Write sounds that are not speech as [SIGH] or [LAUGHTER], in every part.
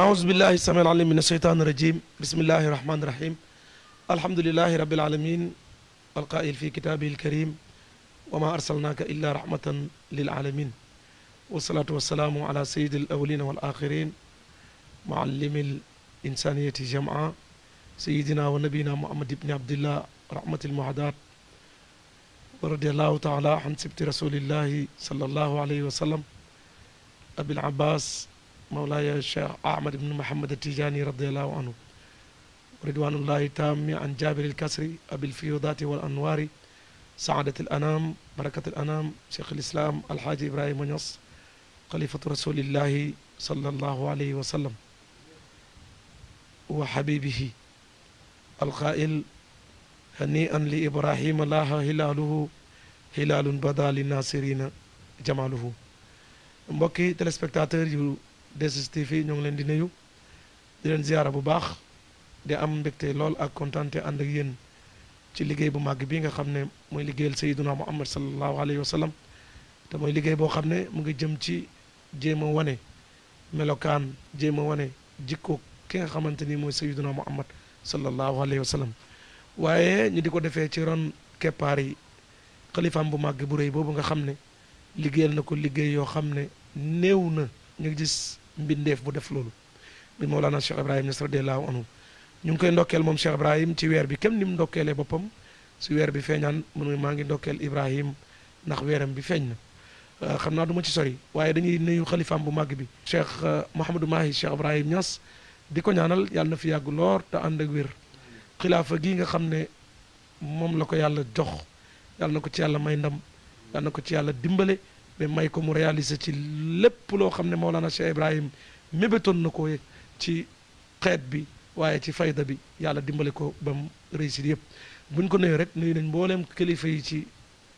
أعوذ بالله السميع العليم من الشيطان الرجيم بسم الله الرحمن الرحيم الحمد لله رب العالمين القائل في كتابه الكريم وما أرسلناك إلا رحمة للعالمين والصلاة والسلام على سيد الأولين والآخرين معلم الإنسانية جمعا سيدنا ونبينا محمد بن عبد الله رحمة المعدات ورضي الله تعالى عن سبت رسول الله صلى الله عليه وسلم أبي العباس mawlaaya cheikh ahmad ibnu mohamad tijaani radiallahu anhu ridwanullahi taami an jaabir ilkasri abil fiyudaati wal anwaari saadat al anaam barakat al anaam cheikh alislaam alhaaji ibrahima ñas xalifatu rasulillahi sallallahu alayhi wa sallam wa habibihi alqaail hani'an li ibrahima laaha hilaaluhu hilaalun bada li naasirina jamaaluhu mbokki téléspectateur yu 2STV ñoo ngi leen di nuyu di leen ziyaara bu baax di am mbégte lool ak kontaan ànd ak yéen ci liggéey bu màgg bii nga xam ne mooy liggéeyal sayyiduna muhammad sallallahu alayhi wa sallam te mooy liggéey boo xam ne mu ngi jëm ci jéem a wane melokaan jéem a wane jikko ki nga xamante ni mooy sayyiduna muhammad sallallahu alayhi wa sallam waaye ñu di ko defee ci ron keppaar yi xalifaam bu màgg bu rëy boobu nga xam ne liggéeyal na ko liggéey yoo xam ne néew na ñu gis mbindeef bu def loolu bi Mawlana Cheikh Ibrahim Niass radiyallahu anhu ñu ngi koy ndokkeel moom Cheikh Ibrahim ci weer bi kem ni mu ndokkeelee boppam si weer bi feeñaan mun maa ngi ndokkeel Ibrahim ndax weeram bi feeñ na euh, xam naa du ci sori waaye dañuy nuyu xalifaam bu màgg bi Cheikh euh, Mouhamadou Mahi Cheikh Ibrahim Niass di ko ñaanal yàlla na fi yàgg loor te ànd ak wér xilaafa gi nga xam ne moom la ko yàlla jox yàlla na ko ci yàlla may ndam ko ci yàlla dimbale ba may ko mu réaliser ci lépp loo xam ne Mawlana Cheikh Ibrahim mébétoon na ko ci xeet bi waaye ci fayda bi yàlla dimbale ko ba mu réussir yëpp buñ ko nuyu rek nuyu nañ mbooleem kilifa yi ci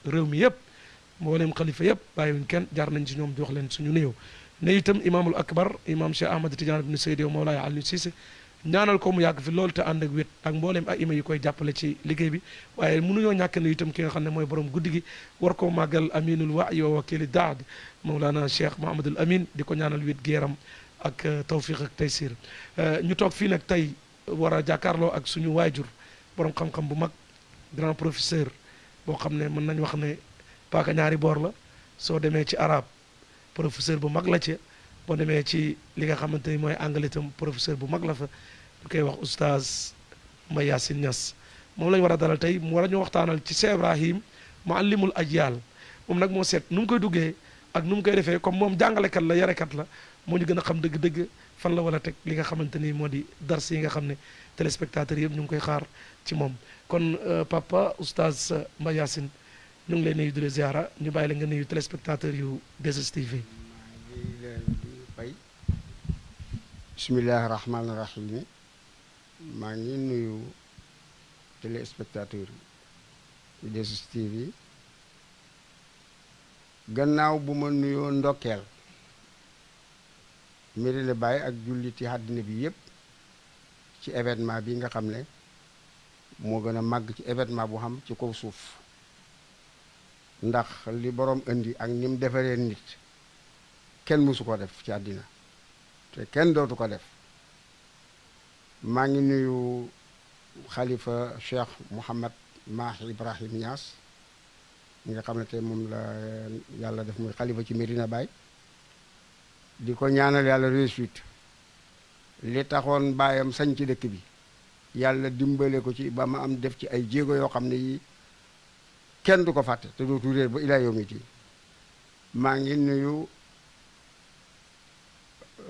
réew mi yëpp mbooleem xalifa yëpp bàyyiwuñ kenn jaar nañ ci ñoom jox leen suñu néew ne itam imaamul akbar imaam Cheikh Ahmad Tidiane ibn Seydi Mawlaay Aliou Cissé ñaanal ko mu yàgg fi loolu te ànd ak wét ak mbooleem ay ima yi koy jàppale ci liggéey bi waaye mënuñoo ñàkk ne tam ki nga xam ne mooy borom guddi gi war koo màggal aminul waay wa wakili daad Mawlana Cheikh Mahamadul Amin di ko ñaanal wét geeram ak euh, tawfiq ak taysir euh, ñu toog fii nag tey war a jàkkaarloo ak suñu waajur boroom xam-xam bu mag grand professeur boo xam ne mën nañu wax ne paaka ñaari boor la soo demee ci araab professeur bu mag la ci boo demee ci li nga xamante ni mooy anglais itam bu mag la fa ñu koy wax oustaz ma yaasin Niass moom la ñu war a dalal tey mu war ñu waxtaanal ci Cheikh Ibrahim mu allimul ajyaal moom nag moo seet nu mu koy duggee ak nu mu koy defee comme moom jàngalekat la yarekat la moo ñu gën a xam dëgg-dëgg fan la war a teg li nga xamante ni moo di dars yi nga xam ne téléspectateurs yëpp ñu ngi koy xaar ci moom kon euh, papa oustaz ma yaasin ñu ngi lay nuyu di la ziara ñu bàyyi la nga nuyu téléspectateurs yu 2STV. bisimilah rahmaani rahiim maa ngi nuyu téléspectateur yi di 2STV gannaaw bu ma nuyoo ndokkeel Medina Baye ak julliti àddina bi yëpp ci événement bi nga xam ne moo gën a màgg ci événement bu xam ci kaw suuf ndax li boroom indi ak nim defaree nit kenn mësu ko def ci àddina te kenn dootu ko def maa ngi nuyu xalifa cheikh Mouhamad Mahi Ibrahim ñaas mi nga xam ne te moom la yàlla def muy xalifa ci Medina Baye di ko ñaanal yàlla réussite li taxoon baayam sañ ci dëkk bi yàlla dimbalee ko ci ba ma am def ci ay jéego yoo xam ne yi kenn du ko fàtte te dootu réer ba ilaa yawmiti maa ngi nuyu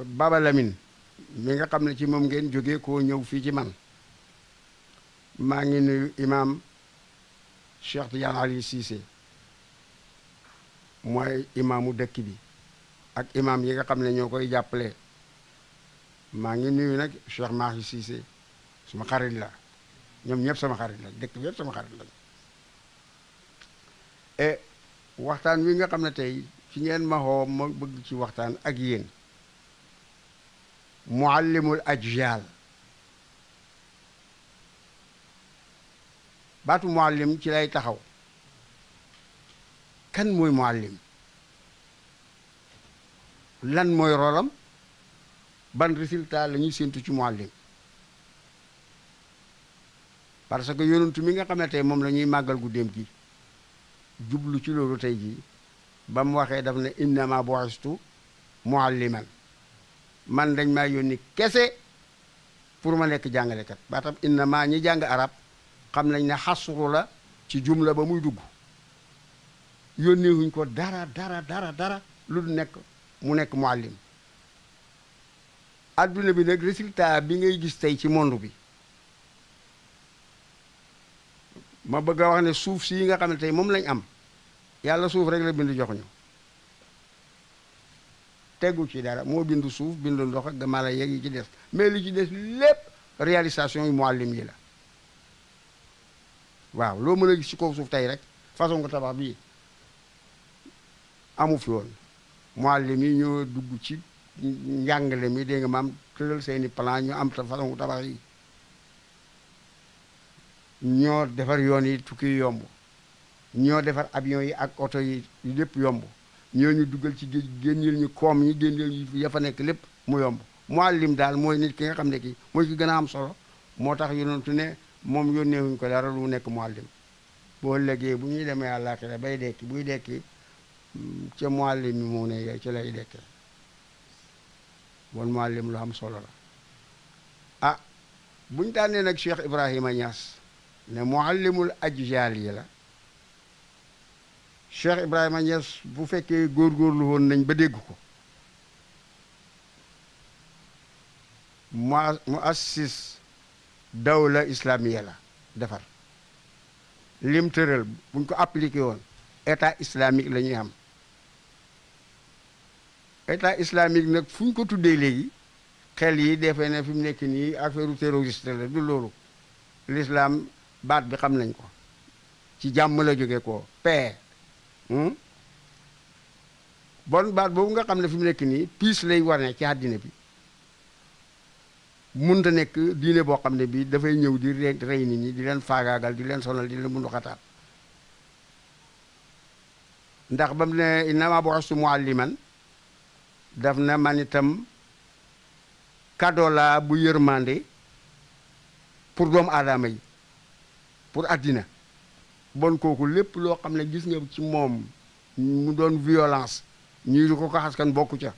Baba Lamine mi nga xam ne ci moom ngeen jógee koo ñëw fii ci man maa ngi nuyu imaam Cheikh Tidiane Ali Cissé mooy imaamu dëkk bi ak imam yi nga xam ne ñoo koy jàppale maa ngi nuyu nag Cheikh Mahi Cissé suma xarit la ñoom ñëpp sama xarit la dëkk bi yëpp sama xarit la e eh, waxtaan wi nga xam ne tey ci ngeen ma xoo ma bëgg ci waxtaan ak yéen muallimul ajyal baatu muallim ci lay taxaw kan mooy muallim lan mooy rolam ban résultat la ñuy séntu ci muallim parce que yonentu mi nga xamante moom la ñuy màggal guddeem gi jublu ci loolu tey jii ba mu waxee daf ne innama bu'istu mualliman man dañ maa yónni kese pour ma nekk jàngalekat baatam inna maa ñi jàng arab xam nañ ne xasru la ci jumla ba muy dugg yónneewuñ ko dara dara dara dara lu du nekk mu nekk muallim adduna bi nag résultat bi ngay gis tey ci monde bi ma bëgg a wax ne suuf si yi nga xam ne tey moom lañ am yàlla suuf rek la bind jox ñu tegu ci dara moo bindu suuf bindu ndox ak mala yeeg yi ci des mais li ci des lépp réalisation yi muallim yi la waaw loo mën a gis ci ko suuf tey rek façon ko tabax bii amu fi woon muallim yi ñoo dugg ci njàngale mi dégg nga seeni plan ñu am ta façon ko tabax ñoo defar yoon yi tukki yomb ñoo defar avion yi ak oto yi lépp yomb ñoo ñu dugal ci géej génneel ñu koom yi génneel ñu ya fa nekk lépp mu yomb muallim daal mooy nit ki nga xam ne kii mooy ki gën a am solo moo tax yonentu ne moom yónneewuñ ko dara lu nekk muallim boo légee bu ñuy demee àllaaxira bay dekki buy dekki ca muallim mi mu ne ci lay dekkee bon muallim lu am solo la ah buñ tànnee nag Cheikh Ibrahima Niass ne muallimul ajjaal yi la Cheikh Ibrahima Niass bu fekkee góorgóorlu woon nañ ba dégg ko mu mu assis dawla islamiya la defar lim tëral buñ ko appliqué woon état islamique lañuy ñuy am état islamique nag fu ñu ko tuddee léegi xel yi defee ne fi mu nekk nii affaire terroriste la du loolu l'islam baat bi xam nañ ko ci jàmm la jóge ko paix Hmm? bon baat boobu nga xam ne fi mu nekk nii piis lay wane ci àddina bi mun te nekk diine boo xam ne bii dafay ñëw di rey nit ñi di leen faagaagal di leen sonal dina leen mundu xataal ndax ba mu ne innama bu'istu mu'alliman daf na manitam itam bu laa bu yërmande pour doomu aadama yi pour addina bon kooku lépp loo xam ne gis nga ci moom mu doon violence ñii di ko ko xaskan bokku ca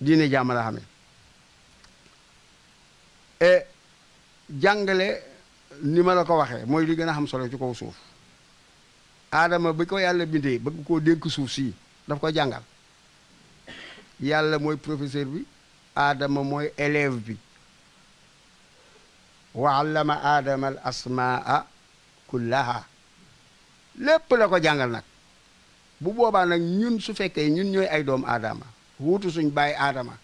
diine jàmm la xamee e jàngale ni ma la ko waxee mooy li gën a xam solo ci kaw suuf aadama bi ko yàlla bindee bëgg koo dénk suuf sii daf ko jàngal yàlla mooy professeur bi aadama mooy élève bi wa allama aadama asmaa kullaha lépp la ko jàngal nag bu boobaa nag ñun su fekkee ñun ñooy ay doomu aadama wuutu suñ bàyyi aadama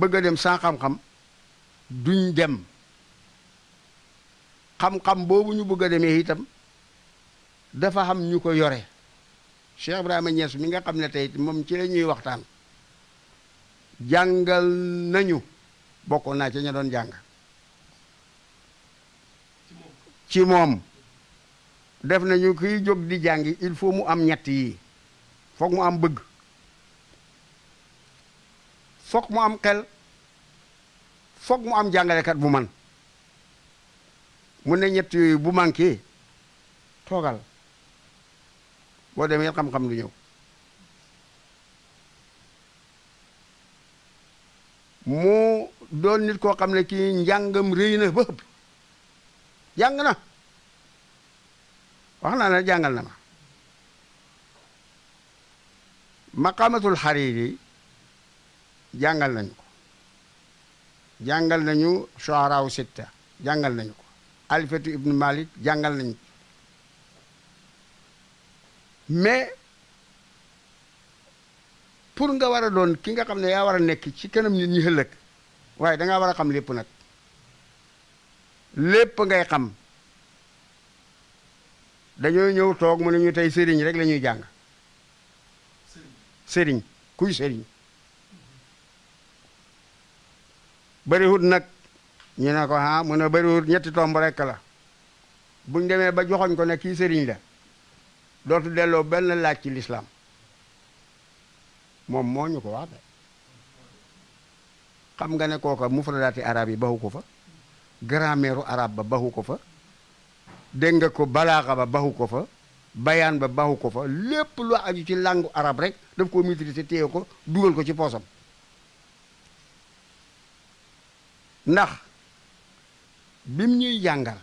bëgg a dem sans xam-xam duñ dem xam-xam boobu ñu bëgg a demee itam dafa xam ñu ko yore Cheikh Ibrahima Niass mi nga xam ne tey moom ci la ñuy waxtaan jàngal nañu bokkoon naa ci ña doon jàng ci moom def nañu ki jóg di jàngi il faut mu am ñetti yi foog mu am bëgg foog mu am xel foog mu am jàngalekat bu man mu ne ñetti yooyu bu manqué toogal boo demee xam-xam du ñëw mu doon nit koo xam ne kii njàngam rëy na ba ëpp jàng na wax naa la jàngal na ma maqamatul xariri jàngal nañu ko jàngal nañu shuaraaw sitta jàngal nañu ko alifatu ibnu malik jàngal nañu ko mais pour nga war a doon ki nga xam ne yaa war a nekk ci kanam nit ñi ëllëg waaye danga war a xam lépp nag lépp ngay xam dañoo ñëw toog mu ne ñu tey sëriñ rek lañuy jàng sëriñ kuy sëriñ bëriwut nag ñu ne ko ah mu ne bëriwut ñetti tomb rekk la buñ demee ba joxoñ ko ne kii sëriñ la dootu delloo benn laaj ci lislaam moom moo ñu ko wax xam nga ne kooka mufradaati araab yi baxu ko fa grammaire arabe ba baxu ko fa dégg nga ko balaaxa ba baxu ko fa bayaan ba baxu ko fa lépp lu aju ci langue arabe rek daf koo maîtriser téye ko dugal ko ci poosam ndax bim ñuy jàngal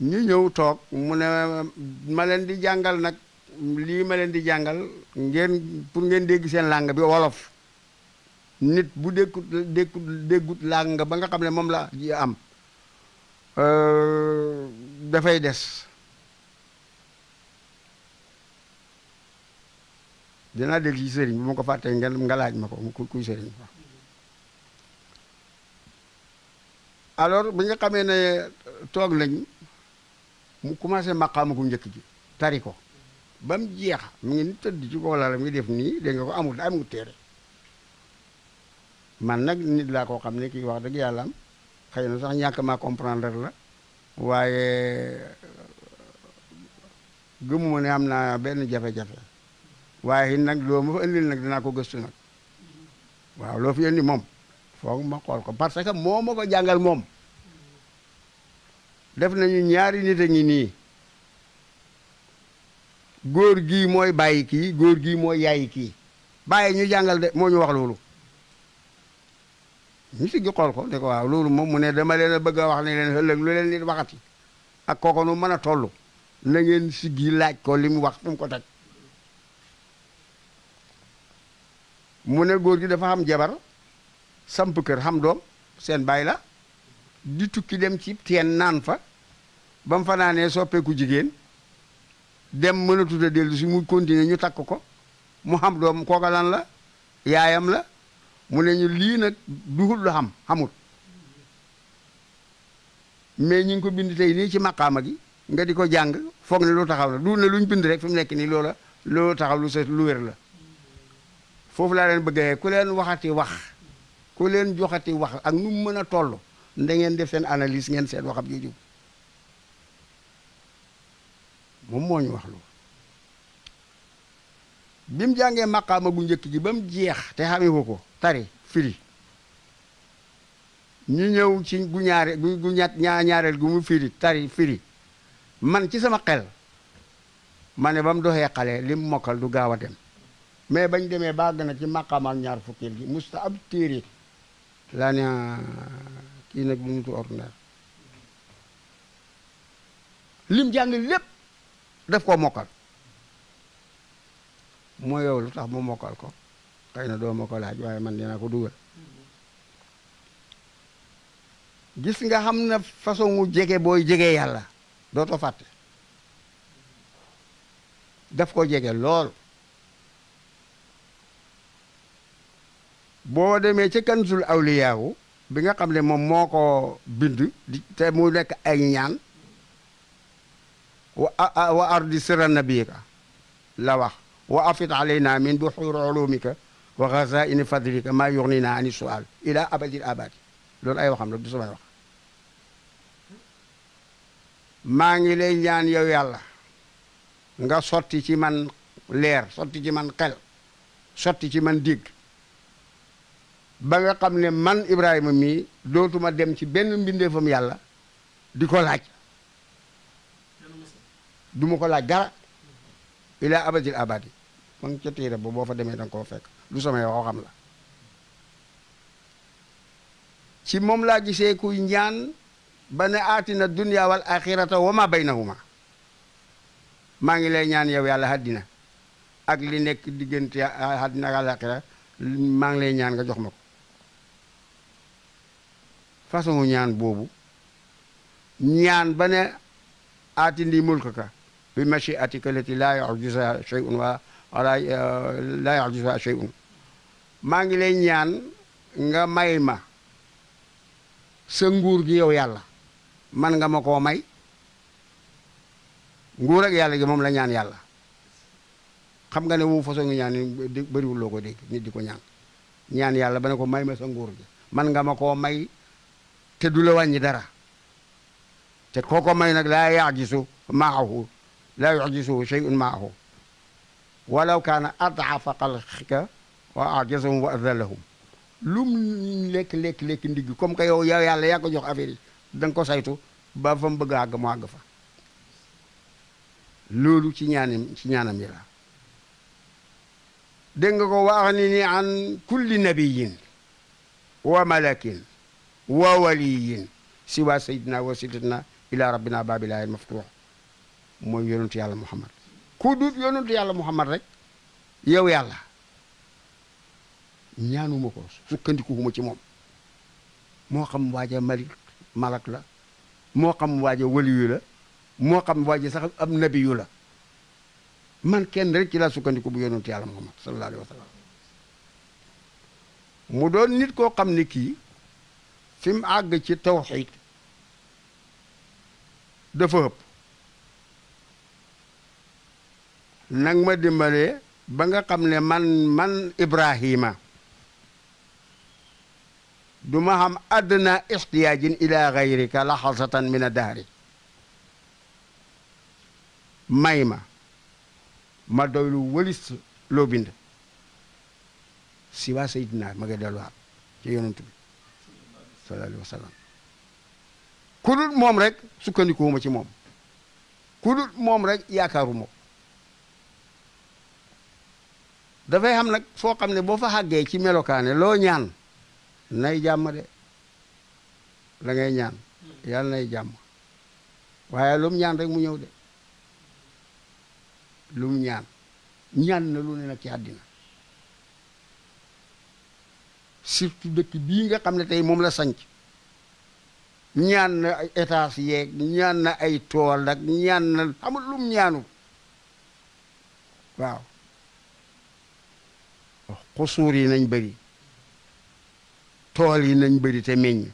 ñu ñëw toog mu ne ma leen di jàngal nag lii ma leen di jàngal ngeen pour ngeen dégg seen làng bi wolof nit bu dékkut dékkut déggut nga ba nga xam ne moom laa ji am euh, dafay des dinaa dégg ci sëriñ bu ma ko fàttee ngeen nga laaj ma ko kuy sëriñ alors bi nga xamee ne toog nañ mu commencé maqaama ku njëkk ji tari ko ba mu mu ngi ni tëdd ci kaw lal mi def nii dégg nga ko amul amul téere man nag nit laa koo xam ne kii wax dëgg yàlla am xëy na sax ñàkk maa comprendre la waaye euh, gëmuma ne am na benn jafe-jafe waaye nag loo ma fa indil nag dinaa ko gëstu nag waaw loo fi indi moom foog ma xool ko parce que moo ma ko jàngal moom def nañu ñaari nit a ngi nii góor gii mooy bàyyi kii góor gi mooy yaayi kii bàyyi ñu jàngal de moo ñu wax loolu ñu si gi ko ne ko waaw loolu moom mu ne dama leen a bëgg a wax ne leen ëllëg lu leen nit waxati ak kooko nu mën a tollu na ngeen siggi laaj ko li mu wax fu mu ko teg mu ne góor gi dafa am jabar samp kër xam doom seen baay la di tukki dem ci teen naan fa ba mu fa naanee soppeeku jigéen dem mën a tuta dellu si mu continuer ñu takk ko mu xam doom kooka lan la yaayam la mu ne ñu lii nag duhul lu xam xamul mais ñi ngi ko bind tey nii ci maqaama gi nga di ko jàng foog ne lu taxaw la du ne luñ bind rek fi mu nekk nii loola lu taxaw lu sa lu wér la foofu laa leen bëggee ku leen waxati wax ku leen joxati wax ak nu mu mën a toll da ngeen def seen analyse ngeen seen waxam jooju moom moo ñu wax lu bi mu jàngee maqaama gu njëkk ji ba mu jeex te xamee ko ko tari firi ñu ñëw ci gu ñaare gu gu ñaat ñaareel gu mu firi tari firi man ci sama xel ma ne ba mu doxee xale li mokkal du gaaw a dem mais bañ demee ba gën a ci maqaama ak ñaar fukkeel gi musta ab téere laa ne kii nag bu mutu ordinaire lim jàng lépp daf koo mokkal mooy yow lu tax mu mokkal ko xëy na doo ma laaj waaye man dinaa ko duggal gis nga xam na façon wu jege booy jege yàlla dootoo fàtte def ko jege lool boo demee ci kanzul awliyaawu bi nga xam ne moom moo ko bind te mu nekk ay ñaan wa wa ardi sira nabiika la wax waa afid alayna min buxuur ulumika wa xazaini fadlika maa yugnina ani sual ila abadil abadi loolu ay waxam la du samay wax maa ngi lay ñaan yow yàlla nga sotti ci man leer sotti ci man xel sotti ci man dig ba nga xam ne man Ibrahima mii dootuma dem ci benn mbindeefam yàlla di ko laaj du ma ko laaj dara ila abadil abadi ma ngi ca tiire ba boo fa demee da koo fekk lu samay waxoo xam la ci moom laa gisee kuy ñaan ba ne aatina dunya wal axirata wa ma baynahuma maa ngi lay ñaan yow yàlla àddina ak li nekk diggante àddina ak àlaxira maa ngi lay ñaan nga jox ma ko façon ñaan boobu ñaan ba ne aatindi mulkaka bi machiatika lati laa yujizuha shay'un wa wala eh, laa yahdusuha shay'un maa ngi lay ñaan nga may ma sa nguur gi yow yàlla man nga ma koo may nguur ak yàlla gi moom la ñaan yàlla xam nga ne moom façon ngi ñaan di bëriwul loo ko dégg nit di ko ñaan ñaan yàlla ba ne ko may ma sa nguur gi man nga ma koo may te du la wàññi dara te koo ko may nag laa yaajisu maahu laa yujisu shay'un maahu wala kaana adaafa xalqika wa ajazahum lum lekk lekk lekk ndigg comme que yow yow yàlla yaa jox affaire yi ko saytu ba fa mu bëgg a àgg mu àgg fa ci ñaanam ci ñaanam yi ko wax ni an kulli nabiyin wa malakin wa waliyin siwa sayidina wa sayidina ila rabbina babilahil maftuux mooy yonentu yàlla muhammad ku dut yonentu yàlla muhammad rek yow yàlla ñaanuma ko sukkandikuwuma ci moom moo xam waaja malik malak la moo xam waaja waliyu la moo xam waaja sax ab nabiyu la man kenn rek ci laa sukkandiku bu yonentu yàlla muhammad sallallahu alayhi wa sallam mu doon nit koo xam ne kii fi mu àgg ci tawxiid dafa ëpp nang ma dimbalee ba nga xam ne man man Ibrahima du ma xam adna ixtiyaajin ila gayrika laxasatan min a daari may ma ma doy lu wëlis loo bind si waa Seydina ma nga delluwaat ci yonent bi sallallahu alayhi wa sallam ku dul moom ci moom ku moom rek yaakaaru moom dafay xam nag foo xam ne boo fa xàggee ci melokaane loo ñaan nay jàmm de la ngay ñaan yàlla nay jàmm waaye lu mu rek mu ñëw de lu mu ñaan ñaan na lu ne nag ci àddina surtout dëkk bii nga xam ne tey moom la sanc ñaan na ay étage yeeg ñaan na ay tool ak ñaan na amul lu mu waaw xusuur yi nañ bëri tool yi nañ bëri te meññ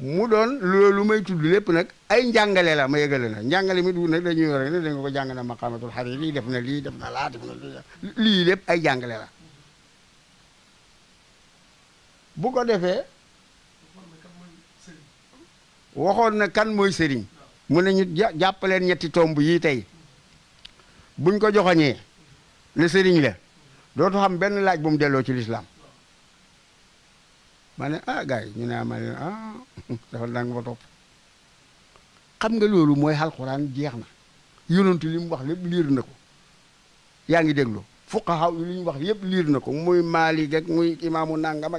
mu doon loolu may tudd lépp nag ay njàngale la ma yëgale la njàngale mi du nag dañuy war ne dañ ko jàng na maqamatul xarir na lii def na laa def na lii lépp ay jàngale la bu ko defee waxoon na kan mooy sëriñ mu ne ñu jàppaleen ñetti tomb yii tey buñ ko joxoñee ne sëriñ la dootu xam benn laaj bu mu delloo ci lislaam ma ne ah gars yi ñu ne ma ne ah [LAUGHS] dafa ba topp xam nga loolu mooy alxuraan jeex na yonentu li mu wax lépp liir na ko yaa ngi déglu fuqaha yi li ñu wax yëpp liir na ko muy Maalik ak muy imaamu nangam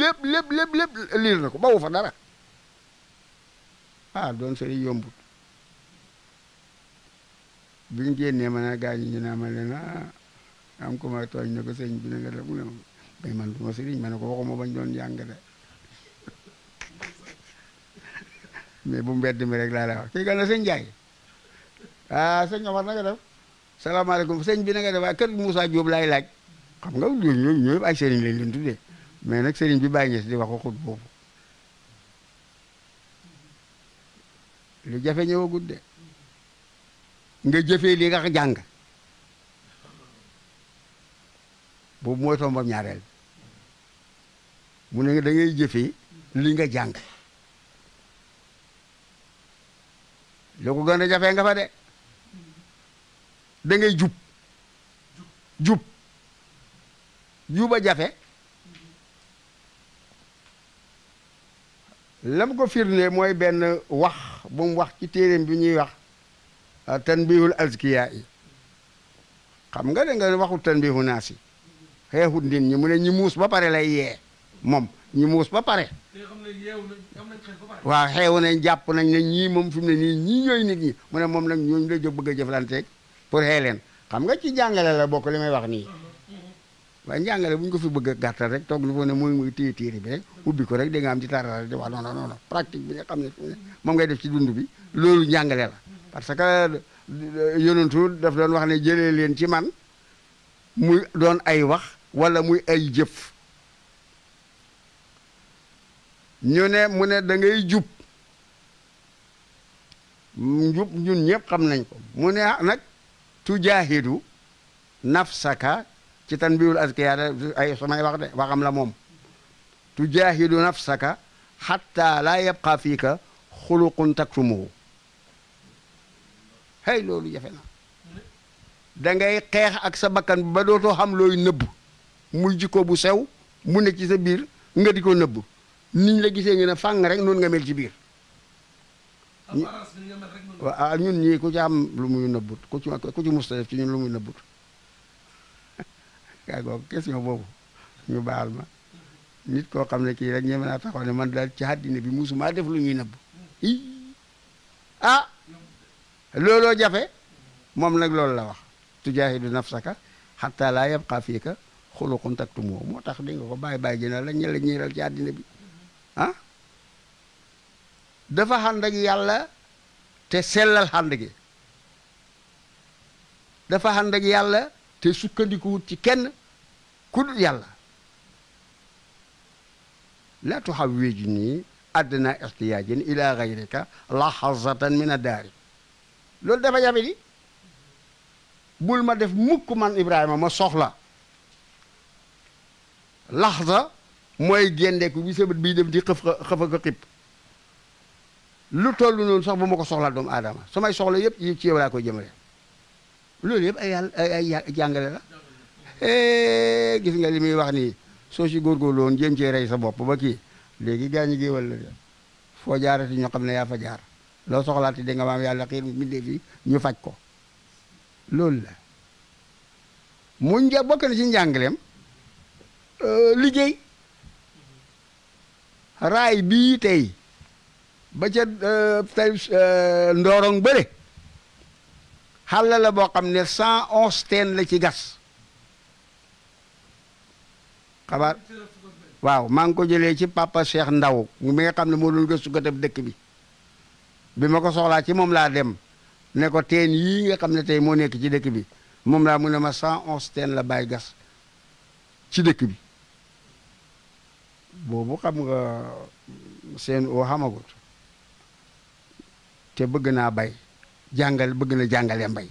lépp lépp lépp na ko bawu fa dara ah doon sori yombut ma ne gars yi ñu am ko ma tooñ ne ko sëñ bi ne nga mu ne ma mais man ma sëriñ ma ne ko waxuma bañ doon jàng de mais bu mbedd mi rek laa la wax kii gan la sëñ Ndiaye ah sëñ Omar na nga def salaamaaleykum sëñ bi nanga nga def waaye kër Moussa Diop laay laaj xam nga ñooñu ñooñu ay sëriñ lañ mais nag sëriñ bi bàyyi ñes di wax xut boobu lu jafe ñëwagut de nga jëfee li nga jàng. boobu mooy tombam ñaareel mu ne da ngay jëfee li nga jàng lu ko gën a jafee nga fa de da jub jub juba jafe lam ko firnde mooy benn wax bu mu wax ci téeréem bi ñuy wax tanbihul azkiya yi xam nga da nga waxul tanbihu naas yi xeexut ndin ñi mu ne ñi muus ba pare lay yee moom ñi muus ba pare waa xeewu ne jàpp nañ ne ñii moom fi mu ne nii ñii ñooy nit ñi mu ne moom nag ñooñu la jóg bëgg a jëflanteeg pour xee leen xam nga ci jàngale la bokk li may wax nii waaye jàngale bu ñu ko fi bëgg a gàttal rek toog lu foo ne mooy muy téye téere bi rek ubbi ko rek da nga am di taral di wa non non non pratique bi nga xam ne moom ngay def ci dund bi loolu njàngale la parce que euh, yonentu daf doon wax ne jëlee leen ci man muy doon ay wax wala muy ay jëf ñu ne mu ne da ngay jub ñun ñëpp xam nañ ko mu ne ah nag tujaahidu nafsaka ci tanbiihul azkiya ay samay wax de waxam la moom tujaahidu nafsaka xatta laa yabqa fiika xuluqun taktumuhu hey loolu jafe na da ngay xeex ak sa bakkan ba dootoo xam looy nëbb muy jikko bu sew mu nekk ci sa biir nga di ko nëbb niñ la gisee ñu ne fàng rek noonu nga mel ci biir. waaw ah, ñun ñii ku ci am lu muy nëbbut ku ci ku ci musta ñun lu muy nëbbut [LAUGHS] kaa googu question boobu ñu baaxal ma nit koo xam ne kii rek ñeme naa taxaw ne man daal ci àddina bi musumaa def lu ñuy nëbb i ah! looloo jafe moom nag loolu la wax tujaahidu nafsaka hatta laa yabqa fiika xuloo contact moo moo tax di nga ko bàyyi bàyyi ji na la ñela ñiiral ci àddina bi ah dafa xànd yàlla te sellal xànd gi dafa xànd yàlla te sukkandikuwut ci kenn ku dul yàlla laa tuhawwiju nii adna ihtiyaajin ila gayrika lahazatan min a daari loolu dafa jafe di bul ma def mukk man Ibrahima ma soxla laxza mooy gendeeku bi sëbët bii dem di xëf xëf ak xib lu toll noonu sax bu ma ko soxlaa doomu aadama samay soxla yëpp yi ci yow laa koy jëmale loolu yëpp ay yàlla ay ay jàngale eh, gis nga li muy wax nii soo si góor woon jéem cee rey sa bopp ba kii léegi gaañu géewal la de foo jaarati ñu xam ne yaa fa jaar loo soxlaati di nga maam yàlla xiir mbindee fi ñu faj ko loolu la mu nja bokk na ci njàngaleem Euh, liggéey raay bii tey ba ca euh, tey euh, ndoorong bële xàlla la boo xam ne cent onze teen la ci gas xabaar waaw maa ngi ko jëlee ci papa Cheikh Ndaw mi nga xam ne moo doon gëstu gëtëb dëkk bi bi ma ko soxlaa ci moom laa dem ne ko teen yii nga xam ne tey moo nekk ci dëkk bi moom laa mu ne ma cent onze teen la bàyyi gas ci dëkk bi boobu xam nga seen oo xamagut te bëgg naa bay jàngal bëgg na jàngale mbay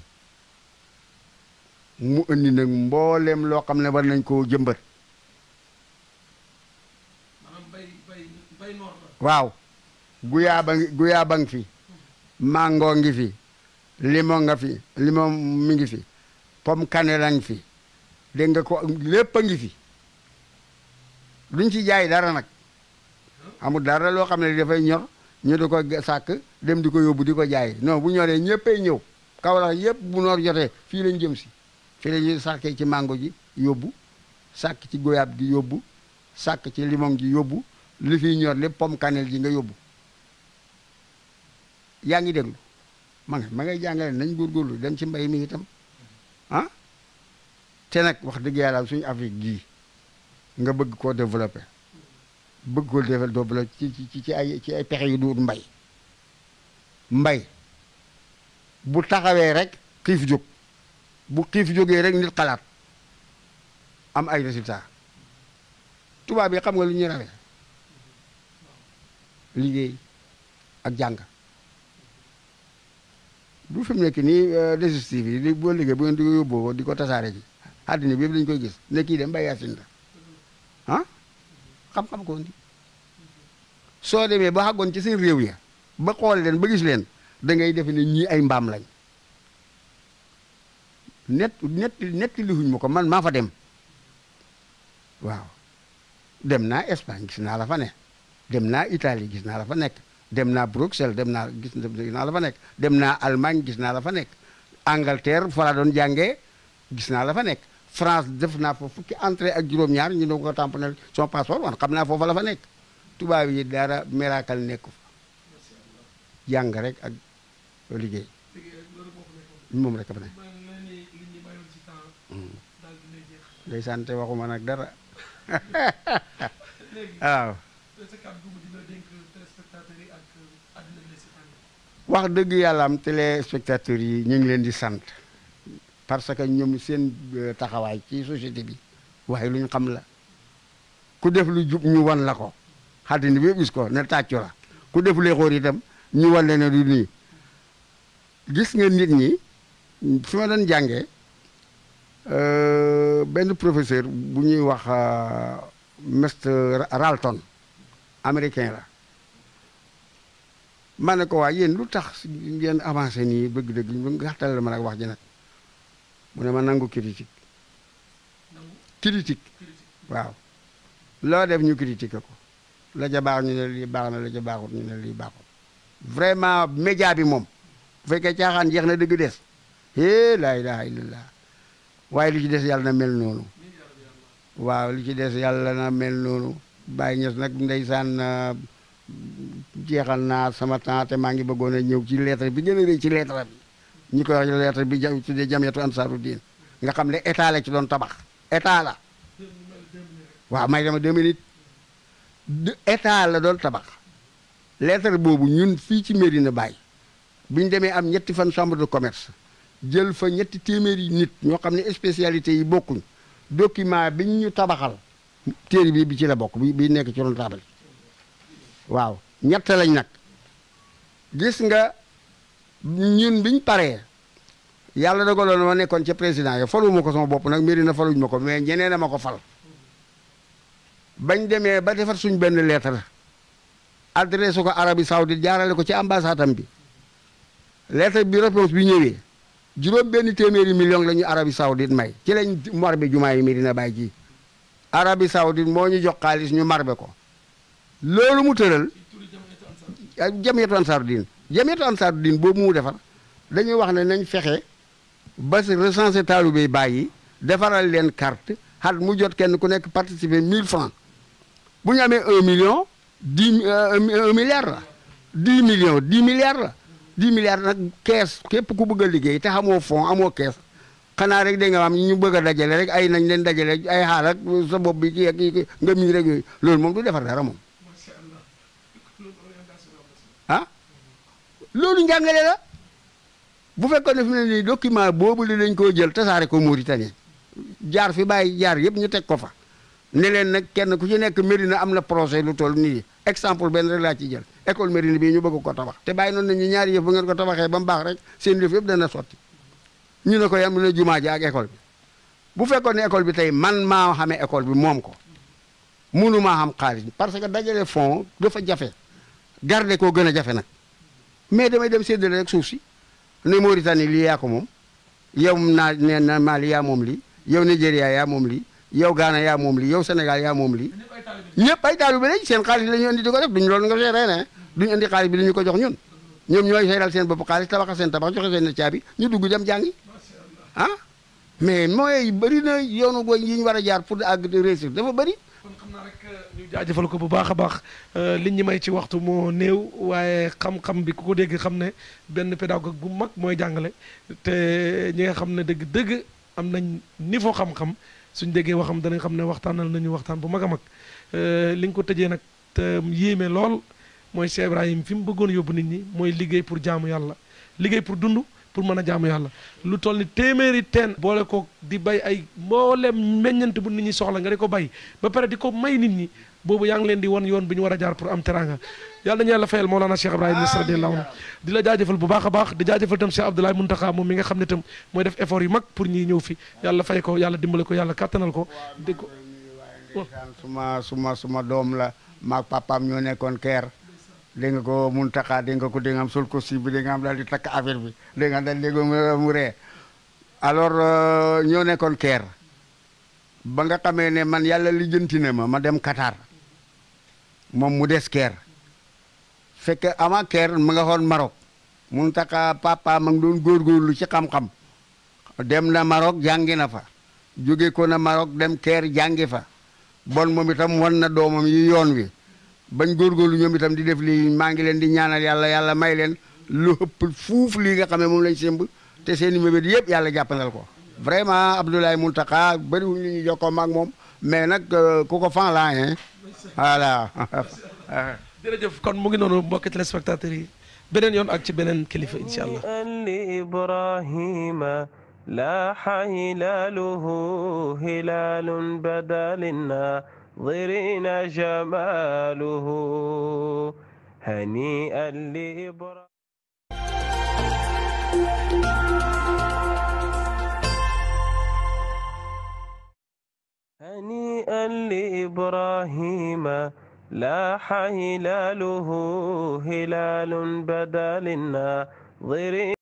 mu indi nag mbooleem loo xam ne war nañ koo jëmbat waaw guyaaba guyaaba ngi fi mango ngi fi limon nga fi limon mi ngi fi pomme cannelle ngi fi dégg nga ko lépp a ngi fi duñ ci jaay dara nag amul dara loo xam ne dafay ñor ñu di ko sàkk dem di ko yóbbu di ko jaay non bu ñoree ñëppay ñëw Kaolack yëpp bu noor jote fii lañ jëm si fii la ñuy sàkkee ci mango ji yóbbu sàkk ci goyaab gi yóbbu sàkk ci limon ji yóbbu li fiy ñor lépp pomme ji nga yóbbu yaa ngi déglu ma nga ma ngay jàngale nañ góorgóorlu dem ci mbay mi itam ah te nag wax dëgg yàlla suñu Afrique gii nga bëgg koo développé bëgg koo développé ci ci ci ay ci ay pexe yu duut mbay mbay bu taxawee rek xiif jóg bu xiif jógee rek nit xalaat am ay résultat tubaab yi xam nga lu ñuy rawee liggéey ak jàng bu fi mu nekk nii euh, desistive yi boo liggéey bu ngeen di ko yóbboo di ko tasaare ji àddina bi yëpp dañu koy gis ne kii dem mbay yaasin la ah xam-xam ko soo demee ba xàggoon ci seen réew ya ba xool leen ba gis leen da ngay defe ne ñii ay mbaam lañ net net netti lihuñ ma ko man maa fa dem waaw dem naa Espagne gis naa la fa ne dem naa itali gis naa la fa nekk dem naa Bruxelles dem naa gis naa la fa nekk dem naa Allemagne gis naa la fa nekk Angleterre fa la gis naa la fa nekk France def naa fa fukki entrée ak juróom-ñaar ñu ne ko tamponné son passeport man xam naa foofa la fa nekk tubaab yi daara miracle nekku jàng rek ak liggéey moom rek a ne. Hmm. day sante waxuma nag dara [LAUGHS] waaw. wax dëgg yàlla am téléspectateurs yi ñu ngi leen di sant. parce que ñoom seen euh, taxawaay ci société bi waaye lu ñu xam la ku def lu jub ñu wan la ko xaddina bi gis ko ne tàccu la ku def lu xóor itam ñu wan la ne du nii gis nga nit ñi su ma jànge jàngee euh, benn professeur bu ñuy wax euh, Mr Ralton américain la ma ne ko waa yéen lu tax si ngeen avancé nii bëgg-dëgg ñu gàttal la ma nag wax ji nag mu ne ma nangu critique critique waaw loo def ñu critiqué ko la ja baax ñu ne lii baax na la ja baaxut ñu ne lii baaxut vraiment média bi moom bu fekkee caaxaan jeex na dëgg des é laa ilaha illallah waaye lii ci des yàlla na mel noonu waaw li ci des yàlla na mel noonu bàyyi ñes nag ndeysaan ah, jeexal naa sama temps te maa ngi bëggoon ñëw ci lettre bi gën a rëy ci lettre bi ñi koy wax lettre bi ja tuddee jamiyatu ansaaru diin nga xam ne état la ci doon tabax état la waaw may dama deux minutes état la doon tabax lettre boobu ñun fii ci Médina baay bi ñu demee am ñetti fan chambre de commerce jël fa ñetti téeméeri nit ñoo xam ne spécialité yi bokkuñ document bi ñu tabaxal téere bi bi ci la bokk bi bi nekk ci ron taabal waaw ñett lañ nag gis nga ñun biñ paree yàlla dogaloon ma nekkoon ci président yi faluma ko sama bopp nag mairie na faluñ ma ko mais ñeneen a ma ko fal bañ demee ba defar suñ benn lettre adressé ko Arabie Saoudite jaarale ko ci ambassade bi lettre bi réponse bi ñëwee juróom benn téeméeri million la ñu Arabie Saoudite may ci lañ mar bi jumaa yi Medina Baay ji Arabie Saoudite moo ñu jox xaalis ñu marbe ko loolu mu tëral jamiyatu ansar diin jamiyatu ansaaru diin boobu mu defar dañuy wax ne nañ fexe ba recensé taalube baay yi defaral leen carte xat mu jot kenn ku nekk participer mille francs bu ñu amee un million dix euh, un milliard la dix millions dix milliards la dix milliards nag kees képp ku bëgg a liggéey te xamoo fond amoo kees xanaa rek da nga am ñu bëgg a dajale rek ay nañ leen dajale ay xaaral sa bopp bi kii ak nga miin rek yooyu loolu moom du defar dara moom. loolu njàngale la bu fekkoon ne fi ne nii document boobu li dañ koo jël tasaare ko Mauritanie jaar fi bàyyi jaar yëpp ñu teg ko fa ne leen nag kenn ku ci nekk Médina am na projet lu toll nii exemple benn rek laa ci jël école Médina bii ñu bëgg ko tabax te bàyyi noonu nañu ñaari yëf bu ngeen ko tabaxee ba baax rek seen yëf yëpp dana sotti ñu ne ko yam ne jimaa ji ak école bi bu fekkoon ne école bi tey man maa xamee école bi moom ko mënu maa xam xaalis parce que dajale fonds dafa jafe garder koo gën a jafe nag mais damay dem séddale rek suuf si ne Mauritanie lii yaa ko moom yow naa ne na Mali yaa moom lii yow Nigéria yaa moom lii yow Ghana yaa moom lii yow Sénégal yaa moom lii ñëpp ay taalibe lañ seen xaalis la ñu indi di ko def duñ loolu nga seeree ne duñ indi xaalis bi dañu ko jox ñun ñoom ñooy seeral seen bopp xaalis tabax seen tabax joxe seen caabi ñu dugg dem jàngi ah mais mooy bëri na yoonu gooñ yi ñu war a jaar pour àgg réussir dafa bëri kon xam naa rek euh, ñu jaajëfal ko bu baax a baax euh, li ñi may ci waxtu moo néew waaye xam-xam bi ku ko dégg xam ne benn pédagogue bu mag mooy jàngale te ñi nga xam ne dëgg-dëgg am nañ niveau xam-xam suñ déggee waxam danañ xam ne waxtaanal nañu waxtaan bu mag a mag euh, li nga ko tëjee nag te yéeme lool mooy Cheikh Ibrahim fi mu bëggoon yóbbu nit ñi mooy liggéey pour jaamu yàlla liggéey pour dund pour mën a jaamu yàlla lu toll ni téeméeri teen boole ko di bay ay mboolem meññant bu nit ñi soxla nga di ko bay ba pare di ko may nit ñi boobu yaa ngi leen di wan yoon bi ñu war a jaar pour am teranga yàlla nañu yàlla fayal Mawlana Cheikh Ibrahim Niass radiyallahu anhu di la jaajëfal bu baax a baax di jaajëfal itam Cheikh Abdoulaye Mountakha moom mi nga xam ne itam mooy def effort yu mag pour ñiy ñëw fi yàlla fay ko yàlla dimbale ko yàlla kattanal ko dégg ko suma suma suma doom la maag papaam ñoo nekkoon keer dégg nga ko mun taxaa dégg nga ko dégg nga am sol costume bi dégg nga am daal di takk affaire bi dégg nga daal dégg mu ree alors euh, ñoo nekkoon keer ba nga xamee ne man yàlla lijjanti na ma ma dem Qatar moom mu des keer fekk avant keer mu nga xoon Maroc mun taxaa papa ma ngi doon góorgóorlu ci xam-xam dem na Maroc jàngi na fa jóge ko na Maroc dem keer jàngi fa bon moom itam wan na doomam yi yoon wi bañ góorgóorlu ñoom itam di def lii maa ngi leen di ñaanal yàlla yàlla may leen lu ëpp fuuf lii nga xam ne moom lañ sémb te seen i mébét yëpp yàlla jàppandal ko vraiment Abdoulaye Mountakha bëriwul ñu ñu jokkoo maag moom mais nag euh, ku ko fan laa hein [LAUGHS] jërëjëf kon mu ngi noonu mbokki yi beneen yoon ak ci beneen kilifa incha allah. Ibrahima الحاضرين جماله هنيئا لإبراهيم هنيئا لإبراهيم لاح هلاله هلال بدا للناظرين